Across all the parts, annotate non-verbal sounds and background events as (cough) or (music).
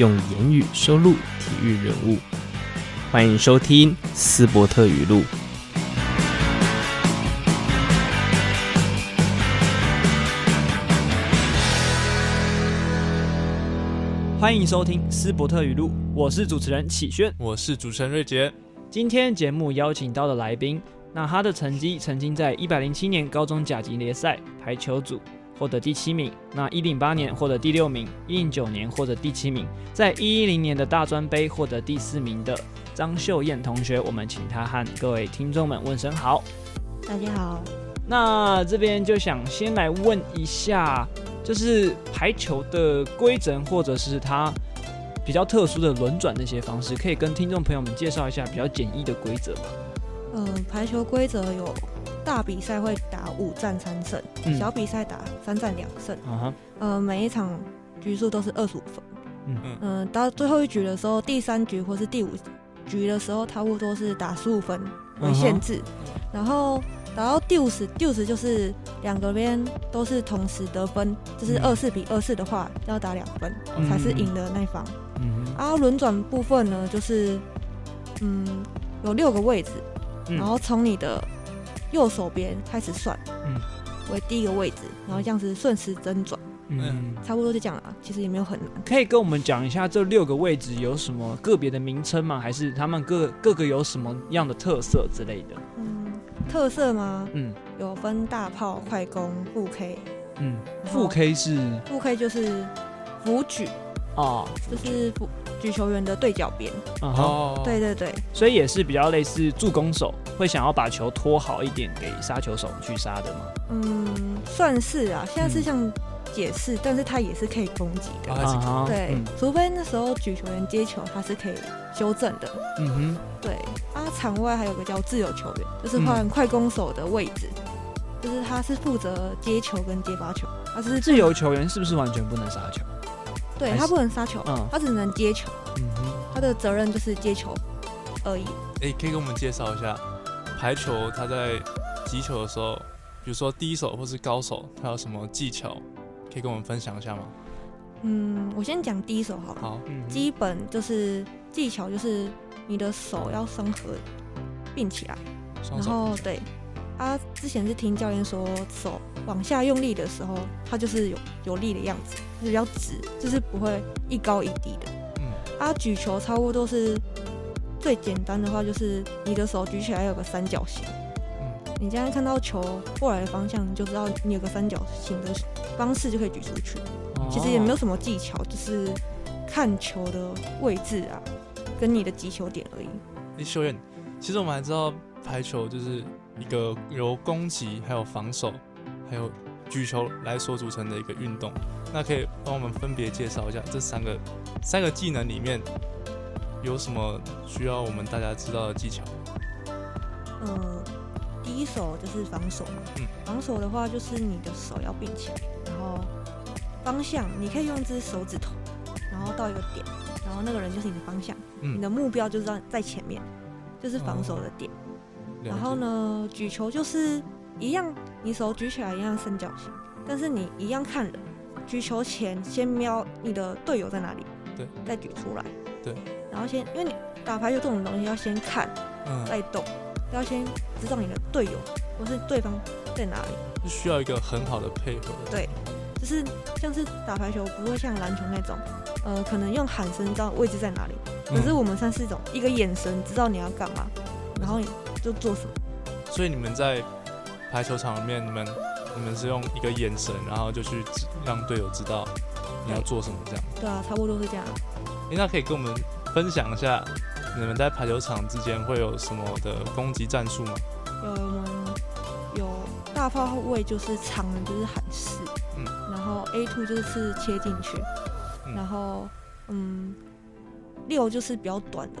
用言語收錄體育人物，歡迎收聽斯伯特語錄。歡迎收聽斯伯特語錄，我是主持人啟軒，我是主持人瑞杰。今天節目邀請到的來賓，那他的成績曾經在一百零七年高中甲級聯賽排球組。獲得第七名，那一零八年獲得第六名，一零九年獲得第七名，在一一零年的大專盃獲得第四名的張秀雁同學，我們請她和各位聽眾們問聲好。大家好。那這邊就想先來問一下，就是排球的規則或者是它比較特殊的輪轉那些方式，可以跟聽眾朋友們介紹一下比較簡易的規則嗎？嗯、呃，排球規則有。大比賽會打五戰三勝，小比賽打三戰兩勝、嗯。呃，每一場局數都是二十五分。嗯、呃、到最後一局的時候，第三局或是第五局的時候，差不多是打十五分為限制。嗯、然後打到 deuce、deuce 就是兩個邊都是同時得分，就是二四比二四的話，要打兩分、嗯、才是贏的那一方。然後輪轉部分呢，就是嗯有六個位置，嗯、然後從你的。右手邊開始算，嗯，為第一個位置，然後這樣子順時針轉，嗯，差不多就這樣了，其實也沒有很難。可以跟我們講一下這六個位置有什麼個別的名稱嗎？還是他們各各個有什麼樣的特色之類的？嗯，特色嗎？嗯，有分大炮、快攻、副 K，嗯，副 K 是副 K 就是副舉哦，就是副舉球員的對角邊、嗯，哦，對，對對對，所以也是比較類似助攻手。會想要把球拖好一點給殺球手去殺的嗎？嗯，算是啊，現在是想解釋，嗯，但是他也是可以攻擊的，啊，對，嗯，除非那時候舉球員接球，他是可以修正的。嗯哼，對他，啊，場外還有個叫自由球員，就是換快攻手的位置，嗯，就是他是負責接球跟接發球。他是自由球員是不是完全不能殺球？對他不能殺球，嗯，他只能接球。嗯哼，他的責任就是接球而已。欸、可以給我們介紹一下，排球，他在擊球的時候，比如說低手或是高手，他有什麼技巧可以跟我們分享一下嗎？嗯，我先講低手好了。好。嗯。基本就是技巧，就是你的手要雙合併起來。雙手。然後對，啊，之前是聽教練說手往下用力的時候，它就是有有力的樣子，就是比較直，就是不會一高一低的。嗯。啊，舉球差不多都是。最簡單的話就是你的手舉起來有個三角形，你這樣看到球過來的方向，你就知道你有個三角形的方式就可以舉出去。其實也沒有什麼技巧，就是看球的位置啊，跟你的擊球點而已。秀雁，其實我們還知道排球就是一個由攻擊、還有防守，還有舉球來所組成的一個運動。那可以幫我們分別介紹一下這三個三個技能裡面有什麼需要我們大家知道的技巧？呃，第一手就是防守嘛。嗯。防守的話，就是你的手要併起來，然後方向你可以用一只手指頭，然後到一個點，然後那個人就是你的方向。嗯。你的目標就是在前面，就是防守的點。嗯嗯嗯嗯嗯。然後呢，舉球就是一樣，你手舉起來一樣三角形，但是你一樣看人，舉球前先瞄你的隊友在哪裡。對。再舉出來。對。然後先，因為你打排球這種東西要先看，嗯，再動，要先知道你的隊友或是對方在哪裡，是需要一個很好的配合。對，就是像是打排球不會像籃球那種，呃，可能用喊聲知道位置在哪裡。可是我們算是一種一個眼神知道你要幹嘛、嗯，然後你就做什麼。所以你們在排球場裡面，你們你們是用一個眼神，然後就去讓隊友知道你要做什麼這樣對。對啊，差不多是這樣。哎、欸，那可以跟我們。分享一下你們在排球場之間會有什麼的攻擊戰術嗎？有嗎？有大炮位就是長的，就是喊四。嗯。然後 A two 就是切進去。嗯。然後，嗯，六就是比較短的。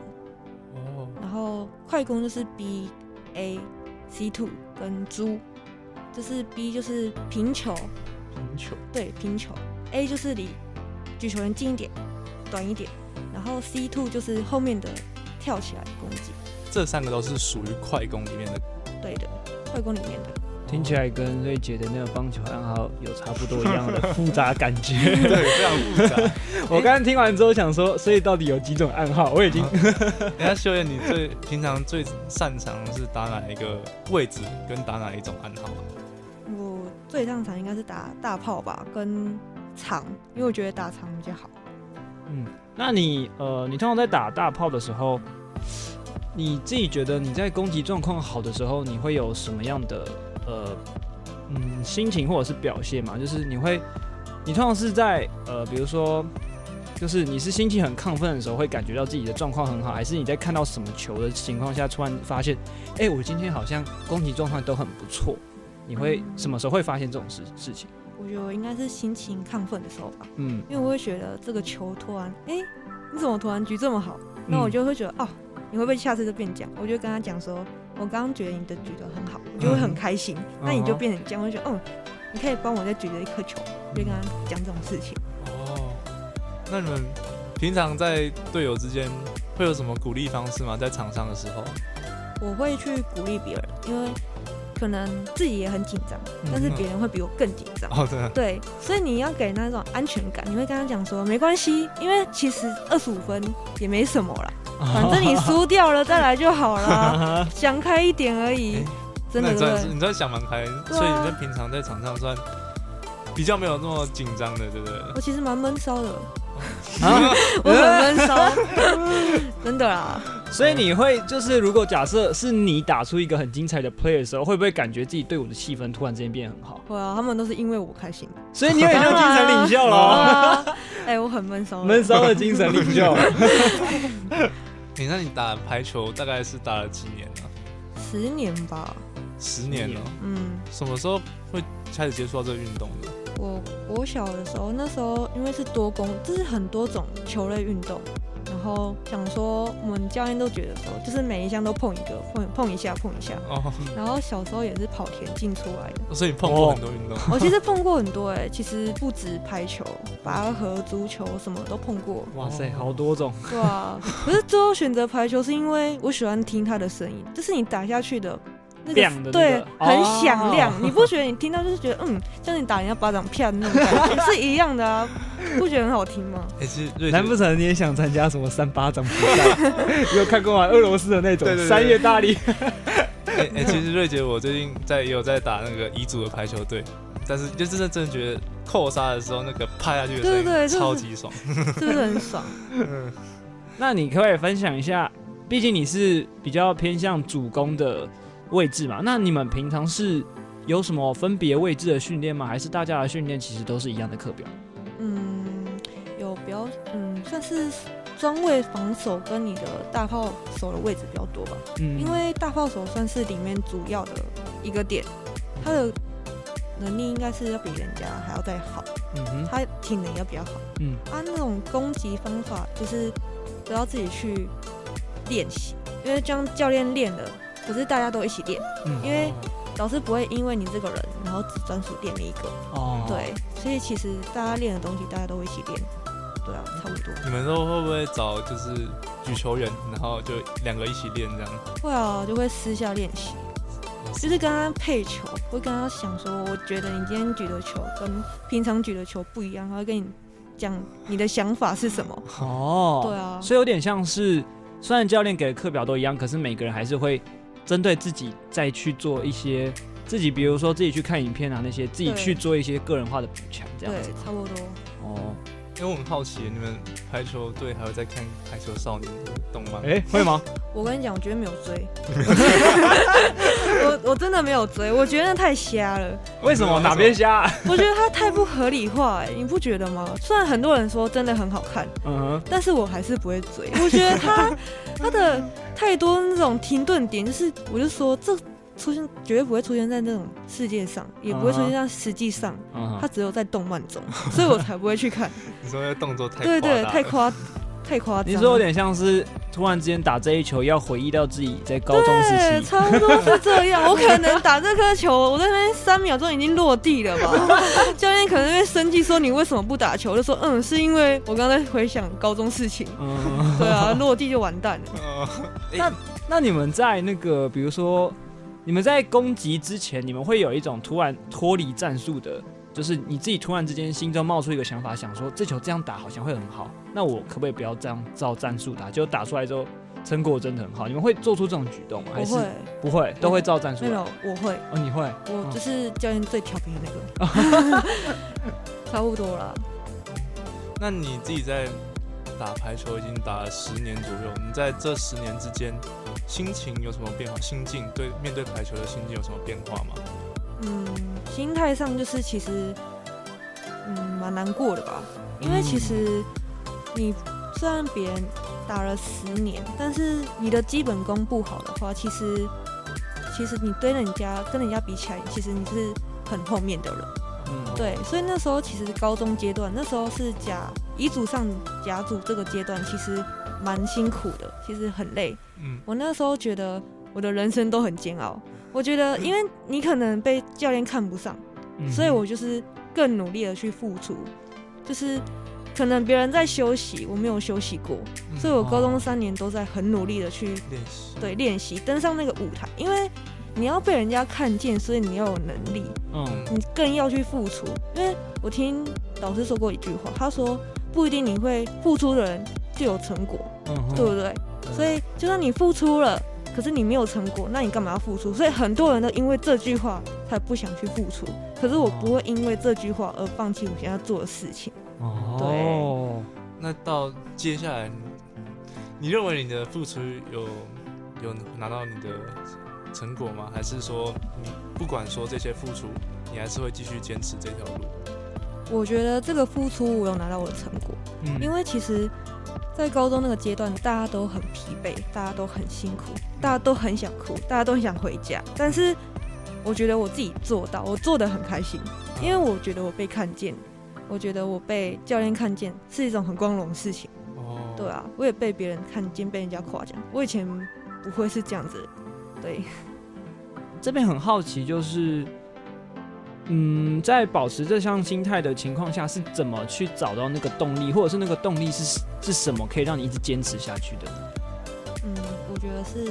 哦。然後快攻就是 B A C two 跟豬，就是 B 就是平球。平球。對，平球。A 就是離舉球人近一點，短一點。然後 C two 就是後面的跳起來的攻擊，這三個都是屬於快攻裡面的。對的，快攻裡面的。聽起來跟瑞姐的那個棒球暗號有差不多一樣的複雜感覺。對，非常複雜。我剛剛聽完之後想說，所以到底有幾種暗號？我已經。那秀雁，你最平常最擅長是打哪一個位置？跟打哪一種暗號？我最擅長應該是打大炮吧，跟長，因為我覺得打長比較好。嗯，那你呃，你通常在打大炮的時候，你自己覺得你在攻擊狀況好的時候，你會有什麼樣的呃，嗯，心情或者是表現嘛？就是你會，你通常是在呃，比如說，就是你是心情很亢奮的時候，會感覺到自己的狀況很好，還是你在看到什麼球的情況下，突然發現，哎、欸，我今天好像攻擊狀況都很不錯？你會、嗯、什麼時候會發現這種事事情？我覺得應該是心情亢奮的時候吧，嗯，因為我會覺得這個球突然，哎、欸，你怎麼突然舉這麼好、嗯？那我就會覺得，哦，你會不會下次就變僵。我就跟他講說，我剛剛覺得你的舉得很好，我就會很開心。嗯、那你就變成僵、嗯哦，我就覺得，嗯，你可以幫我再舉着一顆球，我、嗯、就跟他講這種事情。哦，那你們平常在隊友之間會有什麼鼓勵方式嗎？在場上的時候，我會去鼓勵別人，因為。可能自己也很緊張，但是別人會比我更緊張、嗯。對。所以你要給那種安全感。你會跟他講說，沒關係，因為其實二十五分也沒什麼啦，反正你輸掉了再來就好了，哦、哈哈想開一點而已。欸、真的是是你，你在想蠻開、啊，所以你在平常在場上算比較沒有那麼緊張的，對不對？我其實蠻悶騷的，啊、 (laughs) 我很悶悶騷， (laughs) (laughs) 真的啊。所以你會就是，如果假設是你打出一個很精彩的 play 的時候，會不會感覺自己隊伍的氣氛突然之間變得很好？對啊，他們都是因為我開心。所以你會很像精神領袖了。哎、啊啊欸，我很悶騷。悶騷的精神領袖。 (laughs) (laughs) 你那你打排球大概是打了幾年呢？十年吧。十年了十年。嗯。什麼時候會開始接觸到這個運動呢？我我小的時候，那時候因為是多工，就是很多種球類運動。然後想說，我們教練都覺得說，就是每一項都碰一個，碰碰一下，碰一下。哦、oh.。然後小時候也是跑田徑出來的。所以你碰過很多運動。我、 (laughs) 哦、其實碰過很多，欸，哎，其實不止排球、拔河、足球，什麼都碰過。哇塞，好多種。對啊。 (laughs) 可是最後選擇排球，是因為我喜歡聽它的聲音，這、就是你打下去的。那個、亮的、這個、對，哦、很響亮。你不覺得你聽到就是覺得嗯，像、就是、你打人家巴掌片那種、個， (laughs) 是一樣的啊？不覺得很好聽嗎？也、欸、是。難不成你也想參加什麼三巴掌比賽？你 (laughs) 有看過嗎？俄羅斯的那種三月大利。哎、 (laughs) 欸欸，其實瑞姐，我最近在也有在打那個乙組的排球隊，但是就真的真的覺得扣殺的時候那個拍下去的對對對，超級爽，是不是很爽？ (laughs) 嗯。那你可不可以分享一下，畢竟你是比較偏向主攻的。位置嘛，那你們平常是有什麼分別位置的訓練嗎？還是大家的訓練其實都是一樣的課表？嗯，有比較，嗯，算是專位防守跟你的大炮手的位置比較多吧。嗯，因為大炮手算是裡面主要的一個點，他的能力應該是要比人家還要再好。嗯哼，他體能也要比較好。嗯，他那種攻擊方法就是不要自己去練習，因為將教練練的。可是大家都一起練，嗯，因為老師不會因為你這個人，然後只專屬練你一個。哦，對，所以其實大家練的東西，大家都會一起練。對啊，差不多。你們都會不會找就是舉球員，然後就兩個一起練這樣？會啊，就會私下練習，就是跟他配球，會跟他想說，我覺得你今天舉的球跟平常舉的球不一樣，他會跟你講你的想法是什麼。哦，對啊，哦，所以有點像是雖然教練給的課表都一樣，可是每個人還是會。針對自己再去做一些自己，比如說自己去看影片啊，那些自己去做一些個人化的補強，這樣對，對，差不多哦。因為我很好奇，你們排球隊還會在看《排球少年》懂嗎？哎，會嗎？ (laughs) 我跟你講，我絕對沒有追。 (laughs) 我我真的沒有追，我覺得那太瞎了。Okay, 為什麼，為什麼哪邊瞎啊？ (laughs) 我覺得他太不合理化欸，你不覺得嗎？雖然很多人說真的很好看，嗯，但是我還是不會追。我覺得他 (laughs) 他的。太多那種停頓點，就是我就說，這出現絕對不會出現在那種世界上，也不會出現在實際上，uh -huh. 它只有在動漫中，uh -huh. 所以我才不會去看。 (laughs) 你說動作太對，對對，太誇。 (laughs) 你說有點像是突然之間打這一球，要回憶到自己在高中時期。對，差不多是這樣。我可能打這顆球，我在那邊三秒鐘已經落地了吧？ (laughs) 教練可能會生氣說：“你為什麼不打球？”就說：“嗯，是因為我剛才回想高中事情。嗯” (laughs) 對啊，落地就完蛋了。嗯、 (laughs) 那、欸、那你們在那個，比如說你們在攻擊之前，你們會有一種突然脫離戰術的？就是你自己突然之間心中冒出一個想法，想說，這球這樣打好像會很好，那我可不可以不要這樣照戰術打？結果打出來之後成果真的很好。你們會做出這種舉動嗎？還是不會，都會照戰術，嗯。沒有，我會。哦，你會？我就是教練最調皮的那個。 (laughs) (laughs) 差不多了。那你自己在打排球已經打了十年左右，你在這十年之間心情有什麼變化？心境對面對排球的心境有什麼變化嗎？嗯，心態上就是其實，嗯，蠻難過的吧。因為其實你雖然別人打了十年，但是你的基本功不好的話，其實其實你對人家跟人家比起來，其實你是很後面的人。嗯，對，所以那時候其實高中階段，那時候是甲乙組上甲組這個階段，其實蠻辛苦的，其實很累。嗯，我那時候覺得。我的人生都很煎熬。我覺得，因為你可能被教練看不上、嗯，所以我就是更努力的去付出。就是可能別人在休息，我沒有休息過、嗯，所以我高中三年都在很努力的去練習，對，練習登上那個舞台。因為你要被人家看見，所以你要有能力。嗯、你更要去付出。因為我聽老師說過一句話，他說：“不一定你會付出的人就有成果，嗯、對不對？”所以就算你付出了。可是你沒有成果，那你幹嘛要付出？所以很多人都因為這句話才不想去付出。可是我不會因為這句話而放棄我現在做的事情。哦，那到接下來，你認為你的付出有有拿到你的成果嗎？還是說你、嗯、不管說這些付出，你還是會繼續堅持這條路？我覺得這個付出我有拿到我的成果，嗯、因為其實。在高中那個階段，大家都很疲憊，大家都很辛苦，大家都很想哭，大家都很想回家。但是，我覺得我自己做到，我做得很開心，因為我覺得我被看見，我覺得我被教練看見是一種很光榮的事情。Oh. 對啊，我也被別人看見，被人家誇獎。我以前不會是這樣子的，對。這邊很好奇，就是。嗯，在保持這項心態的情況下，是怎麼去找到那個動力，或者是那個動力是是什麼可以讓你一直堅持下去的？嗯，我覺得是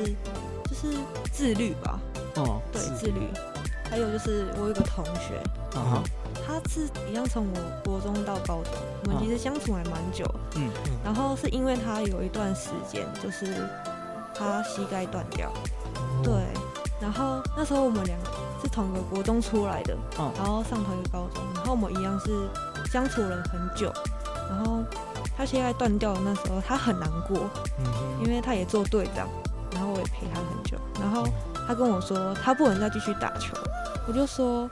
就是自律吧。哦，對，自律。還有就是我有個同學，啊他是一樣從我國中到高中，我們其實相處還蠻久。嗯、啊、嗯。然後是因為他有一段時間就是他膝蓋斷掉、嗯，對，然後那時候我們兩個，是同個國中出來的，哦、然後上同一個高中，然後我們一樣是相處了很久，然後他現在斷掉，那時候他很難過，嗯嗯因為他也做隊長，然後我也陪他很久，然後他跟我說他不能再繼續打球，我就說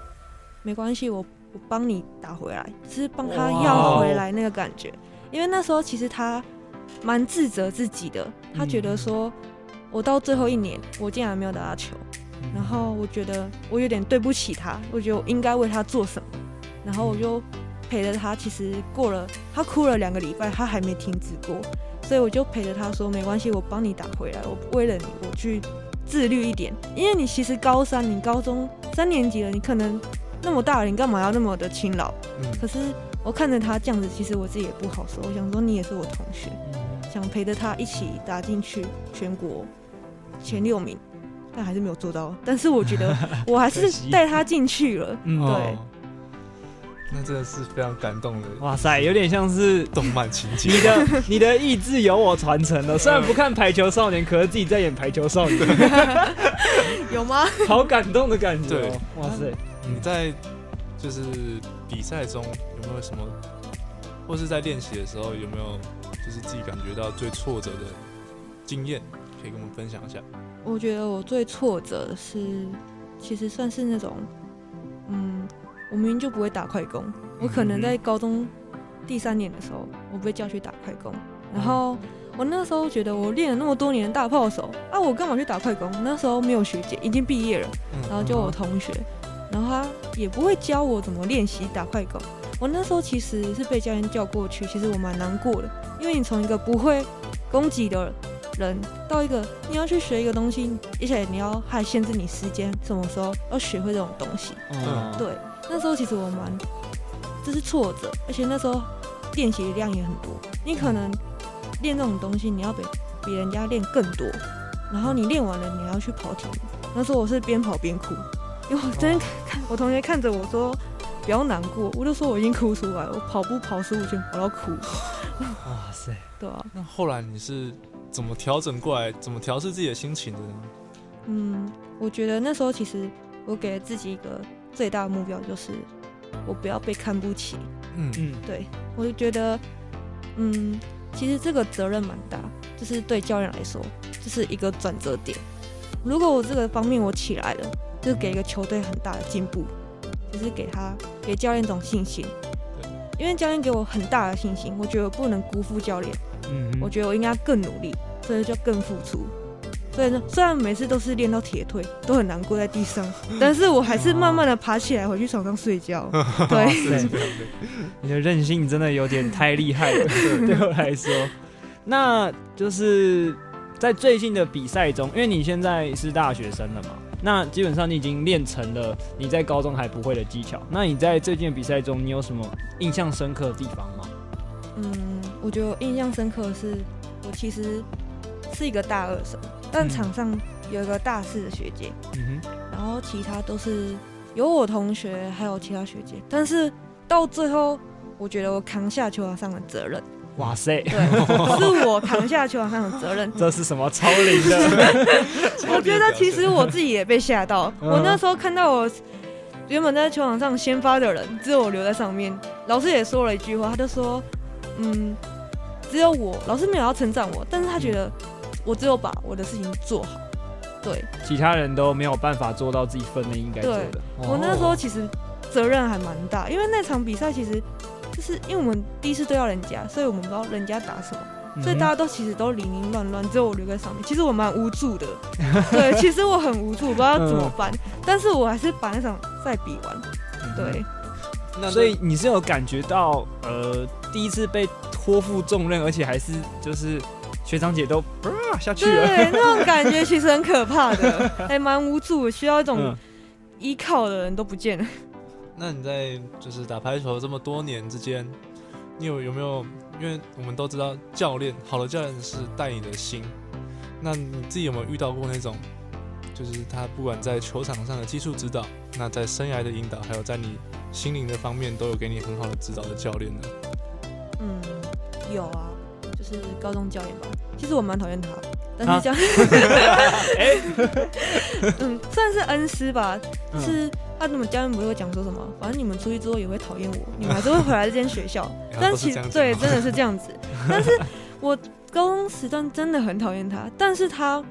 沒關係，我我幫你打回來，是幫他要回來那個感覺，哦、因為那時候其實他蠻自責自己的，他覺得說我到最後一年，我竟然沒有打到球。然後我覺得我有點對不起他，我覺得我應該為他做什麼。然後我就陪着他，其實過了，他哭了兩個禮拜，他還沒停止過，所以我就陪着他說沒關係，我幫你打回來。我為了你，我去自律一點，因為你其實高三，你高中三年級了，你可能那麼大了，你幹嘛要那麼的勤勞？嗯。可是我看着他這樣子，其實我自己也不好受。我想說，你也是我同學，嗯，想陪着他一起打進去全國前六名。但還是沒有做到，但是我覺得我還是帶他進去了， (laughs) 嗯、對、哦。那真的是非常感動的，哇塞，有點像是動漫情節。 (laughs) 你的你的意志由我傳承了、嗯，雖然不看《排球少年》，可是自己在演《排球少年》。 (laughs) 有嗎？好感動的感覺、哦啊。哇塞！你在就是比賽中有沒有什麼，或是在練習的時候有沒有就是自己感覺到最挫折的經驗，可以跟我們分享一下？我覺得我最挫折的是，其實算是那種，嗯，我明明就不會打快攻，我可能在高中第三年的時候，我被叫去打快攻，然後我那時候覺得我練了那麼多年的大炮手啊，我幹嘛去打快攻？那時候沒有學姐，已經畢業了，然後就我同學，然後他也不會教我怎麼練習打快攻。我那時候其實是被教練叫過去，其實我蠻難過的，因為你從一個不會攻擊的人，人到一個你要去學一個東西，而且你要還限制你時間，什麼時候要學會這種東西。嗯，對。那時候其實我蠻，這是挫折，而且那時候練習量也很多。你可能練這種東西，你要比比人家練更多。然後你練完了，你要去跑題。那時候我是邊跑邊哭，因為我真的看、哦、我同學看着我說不要難過，我就說我已經哭出來了。我跑步跑十五圈，跑到哭。哇塞， (laughs) 對啊，那後來你是？怎麼調整過來？怎麼調適自己的心情的呢？嗯，我覺得那時候其實我給了自己一個最大的目標，就是我不要被看不起。嗯嗯，對，我就覺得，嗯，其實這個責任蠻大，就是對教練來說，這、就是一個轉折點。如果我這個方面我起來了，就是給一個球隊很大的進步，嗯，就是給他給教練一種信心。對，因為教練給我很大的信心，我覺得我不能辜負教練，嗯。嗯，我覺得我應該更努力。所以就更付出，所以呢，雖然每次都是練到鐵腿，都很難跪在地上，但是我還是慢慢的爬起來，回去床上睡覺。 (laughs) 對， (laughs) 你的韌性真的有點太厲害了， (laughs) 對我來說。那就是在最近的比賽中，因為你現在是大學生了嘛，那基本上你已經練成了你在高中還不會的技巧。那你在最近的比賽中，你有什麼印象深刻的地方嗎？嗯，我覺得印象深刻的是我其實。是一個大二生，但場上有一個大四的學姐、嗯，然後其他都是有我同學還有其他學姐，但是到最後，我覺得我扛下球場上的責任。哇塞，對，是我扛下球場上的責任。這是什麼超齡的？ (laughs) (laughs) 我覺得其實我自己也被嚇到。我那時候看到我原本在球場上先發的人，只有我留在上面。老師也說了一句話，他就說：“嗯，只有我。”老師沒有要稱讚我，但是他覺得。我只有把我的事情做好，對。其他人都沒有辦法做到自己分內應該做的對。我那時候其實責任還蠻大，因為那場比賽其實就是因為我們第一次對到人家，所以我們不知道人家打什麼，嗯、所以大家都其實都零零亂亂，只有我留在上面。其實我蠻無助的， (laughs) 對，其實我很無助，我不知道要怎麼辦、嗯，但是我還是把那場賽比完。對，嗯、那對，所以你是有感覺到呃第一次被托付重任，而且還是就是。學長姐都不、啊、下去了，對，那種感覺其實很可怕的，還 (laughs) 蠻、欸、無助，需要一種依靠的人都不見了、嗯、那你在就是打排球這麼多年之間，你有有沒有？因為我們都知道教練，好的教練是帶你的心。那你自己有沒有遇到過那種，就是他不管在球場上的技術指導，那在生涯的引導，還有在你心靈的方面，都有給你很好的指導的教練呢？嗯，有啊。就是高中教練吧，其實我蠻討厭他，但是教練，啊、 (laughs) (laughs) 嗯，算是恩師吧，是，他怎麼教練不會講說什麼？反正你們出去之後也會討厭我，你們還是會回來這間學校，啊，但其實對，真的是這樣子。 (laughs) 但是我高中時段真的很討厭他，但是他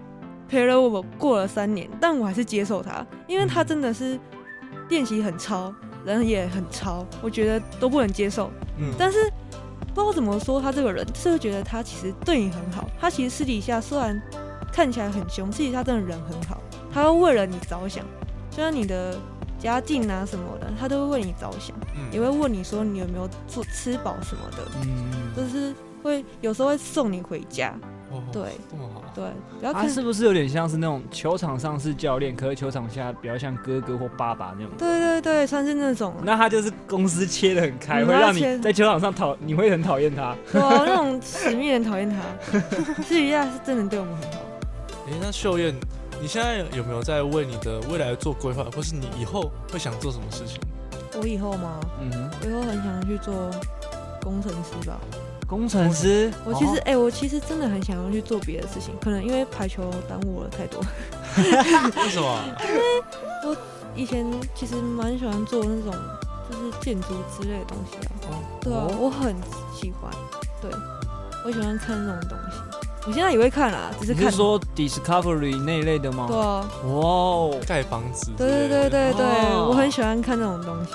陪了我過了三年，但我還是接受他，因為他真的是練習很超，人也很超，我覺得都不能接受，嗯，但是。不知道怎麼說，他這個人是會覺得他其實對你很好。他其實私底下雖然看起來很凶，私底下真的人很好。他會為了你着想，就像你的家境啊什麼的，他都會為你着想，也會問你說你有沒有做吃飽什麼的。嗯，就是會有時候會送你回家。對，這麼好。對，他、啊、是不是有點像是那種球場上是教練，可是球場下比較像哥哥或爸爸那種？對對對，算是那種、啊。那他就是公司切的很開，會讓你在球場上討，你會很討厭他。哇、啊，那種死命的討厭他。司儀亞是真的對我們很好。哎、欸，那秀雁，你現在有沒有在為你的未來做規劃，或是你以後會想做什麼事情？我以後嗎？嗯，我以後很想去做工程師吧。工程師，我其實哎、oh. 欸，我其實真的很想要去做別的事情，可能因為排球耽誤了太多。 (laughs) (laughs) 為什麼、啊？我以前其實蠻喜歡做那種就是建築之類的東西哦、啊，oh. 對啊，oh. 我很喜歡，對，我喜歡看那種東西。我現在也會看啦，只是看，你是說 Discovery 那一類的嗎？對啊。哇哦，蓋房子。對對對對對，oh. 我很喜歡看那種東西，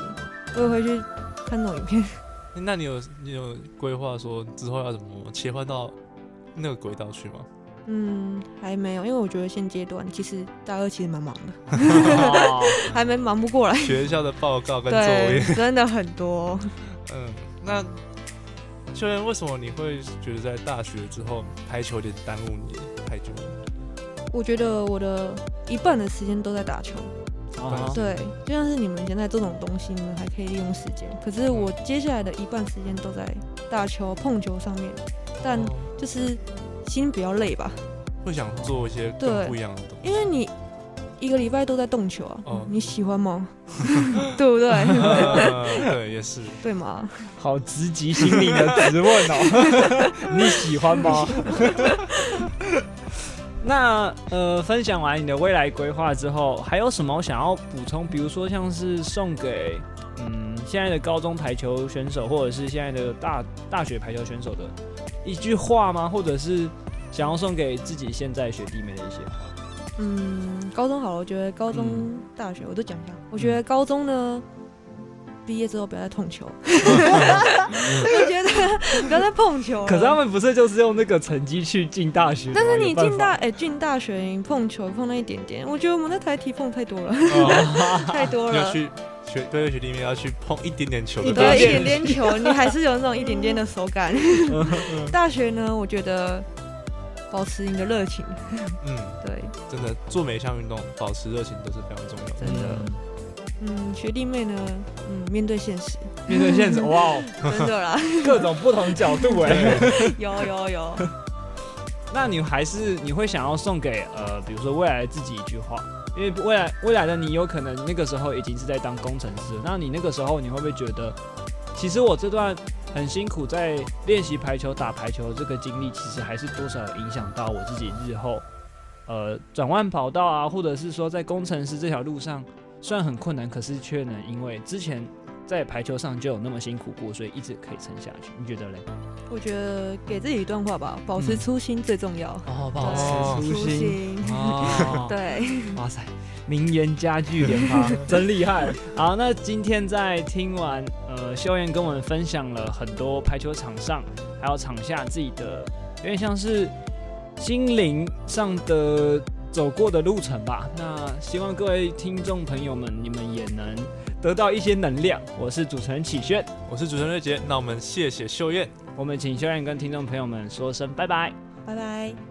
我也會去看那種影片。那你有你有規劃說之後要怎麼切換到那個軌道去嗎？嗯，還沒有，因為我覺得現階段其實大二其實蠻忙的 (laughs) 哦，還沒忙不過來。學校的報告跟作業真的很多。 (laughs) 嗯，那秀雁，為什麼你會覺得在大學之後排球有點耽誤你排球？我覺得我的一半的時間都在打球。對，對，就像是你們現在這種東西，你們還可以利用時間。可是我接下來的一半時間都在打球、碰球上面，但就是心比較累吧。會、哦、想做一些對不一樣的東西，因為你一個禮拜都在動球啊，哦、你喜歡嗎？ (laughs) (laughs) 對不對、呃？對，也是。對嗎？好直擊心靈的質問哦。 (laughs) 你喜歡嗎？ (laughs) 那呃，分享完你的未來規劃之後，還有什麼想要補充？比如說，像是送給嗯現在的高中排球選手，或者是現在的大大學排球選手的一句話嗎？或者是想要送給自己現在學弟妹的一些話？嗯，高中好了，我覺得高中、嗯、大學我都講一下。我覺得高中呢。嗯畢業之後不要再碰球， (laughs) (laughs) (laughs) 我你覺得不要再碰球？可是他們不是就是用那個成績去進大學？但是你進大哎進、欸、大學碰球碰那一點點，我覺得我們那台體碰太多了，哦、 (laughs) 太多了。要 (laughs) 去學對學裡面要去碰一點點球的大學，你一點點球， (laughs) 你還是有那種一點點的手感。 (laughs) 大學呢，我覺得保持你的熱情。嗯，對，真的做每一項運動保持熱情都是非常重要的，真的。嗯嗯，學弟妹呢？嗯，面對現實，面對現實，哇、哦， (laughs) 真的啦，各種不同角度哎、欸， (laughs) 有有有。有 (laughs) 那你還是你會想要送給呃，比如說未來自己一句話，因為未來未來的你有可能那個時候已經是在當工程師，那你那個時候你會不會覺得，其實我這段很辛苦在練習排球、打排球這個經歷，其實還是多少影響到我自己日後呃，轉換跑道啊，或者是說在工程師這條路上。雖然很困難，可是卻能因為之前在排球上就有那麼辛苦過，所以一直可以撐下去。你覺得嘞？我覺得給自己一段話吧，保持初心最重要。嗯、哦，保持初心，對。哦、 (laughs) 對哇塞，名言佳句， (laughs) 真厲害！好，那今天在聽完呃，秀雁跟我們分享了很多排球場上還有場下自己的，有點像是心靈上的。走過的路程吧，那希望各位聽眾朋友們，你們也能得到一些能量。我是主持人啟軒，我是主持人瑞杰，那我們謝謝秀雁，我們請秀雁跟聽眾朋友們說聲拜拜，拜拜。